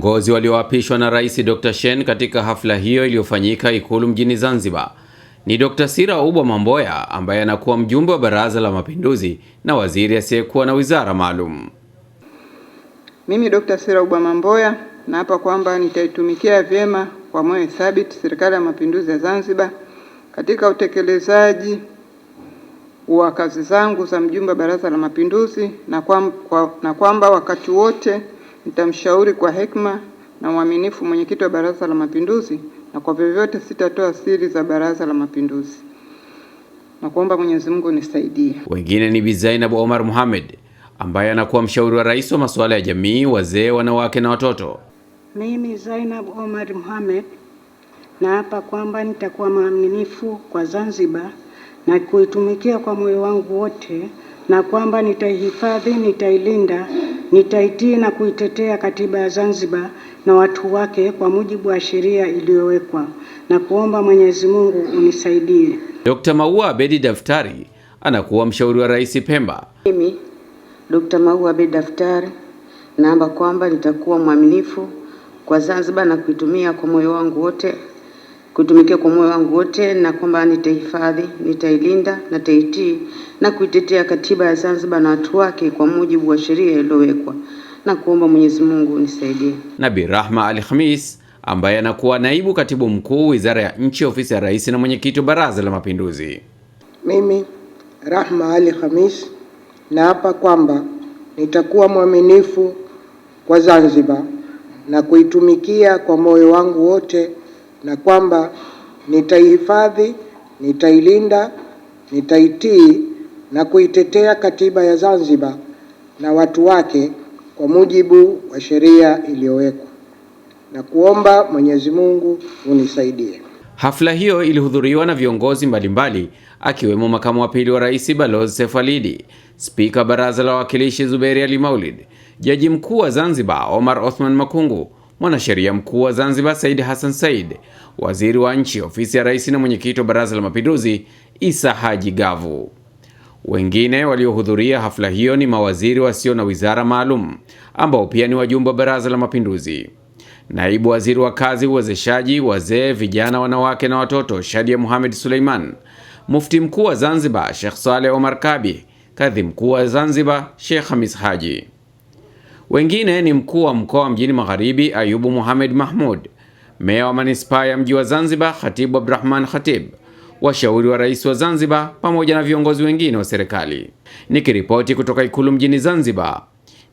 Viongozi walioapishwa na Rais Dr. Shein katika hafla hiyo iliyofanyika Ikulu mjini Zanzibar ni Dr. Sira Ubwa Mamboya ambaye anakuwa mjumbe wa Baraza la Mapinduzi na waziri asiyekuwa na wizara maalum. Mimi Dr. Sira Ubwa Mamboya naapa kwamba nitaitumikia vyema kwa moyo thabiti Serikali ya Mapinduzi ya Zanzibar katika utekelezaji wa kazi zangu za mjumbe wa Baraza la Mapinduzi na kwamba, na kwamba wakati wote Nitamshauri kwa hekima na uaminifu mwenyekiti wa Baraza la Mapinduzi, na kwa vyovyote sitatoa siri za Baraza la Mapinduzi na kuomba Mwenyezi Mungu nisaidie. Wengine ni Bi Zainab Omar Mohamed ambaye anakuwa mshauri wa rais wa masuala ya jamii, wazee, wanawake na watoto. Mimi Zainab Omar Mohamed naapa kwamba nitakuwa mwaminifu kwa Zanzibar na kuitumikia kwa moyo wangu wote na kwamba nitaihifadhi, nitailinda nitaitii na kuitetea katiba ya Zanzibar na watu wake kwa mujibu wa sheria iliyowekwa na kuomba Mwenyezi Mungu unisaidie. Dr. Maua Abedi Daftari anakuwa mshauri wa Rais Pemba. Mimi Dr. Maua Abedi Daftari naomba kwamba nitakuwa mwaminifu kwa Zanzibar na kuitumia kwa moyo wangu wote kutumikia kwa moyo wangu wote na kwamba nitahifadhi, nitailinda na nitaitii na kuitetea katiba ya Zanzibar na watu wake kwa mujibu wa sheria iliyowekwa na kuomba Mwenyezi Mungu nisaidie. Nabi Rahma Ali Khamis ambaye anakuwa naibu katibu mkuu Wizara ya Nchi, Ofisi ya Rais na mwenyekiti wa Baraza la Mapinduzi. Mimi Rahma Ali Khamis naapa kwamba nitakuwa mwaminifu kwa Zanzibar na kuitumikia kwa moyo wangu wote na kwamba nitaihifadhi, nitailinda, nitaitii na kuitetea katiba ya Zanzibar na watu wake kwa mujibu wa sheria iliyowekwa na kuomba Mwenyezi Mungu unisaidie. Hafla hiyo ilihudhuriwa na viongozi mbalimbali akiwemo makamu wa pili wa rais Balozi Seif Alidi, spika baraza la wawakilishi Zuberi Ali Maulid, jaji mkuu wa Zanzibar Omar Othman Makungu mwanasheria mkuu wa Zanzibar Said Hassan Said, waziri wa nchi ofisi ya rais na mwenyekiti wa Baraza la Mapinduzi Isa Haji Gavu. Wengine waliohudhuria hafla hiyo ni mawaziri wasio na wizara maalum ambao pia ni wajumbe wa Baraza la Mapinduzi. Naibu waziri wa kazi, uwezeshaji wazee, vijana, wanawake na watoto Shadia muhamed Suleiman, mufti mkuu wa Zanzibar Sheikh Saleh Omar Kabi, kadhi mkuu wa Zanzibar Sheikh Hamis Haji. Wengine ni mkuu wa mkoa mjini Magharibi Ayubu Mohamed Mahmud, meya wa manispaa ya mji wa Zanzibar Khatibu Abdurahman Khatib, washauri wa rais wa Zanzibar pamoja na viongozi wengine wa serikali. Nikiripoti kutoka ikulu mjini Zanzibar,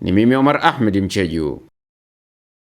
ni mimi Omar Ahmed Mcheju.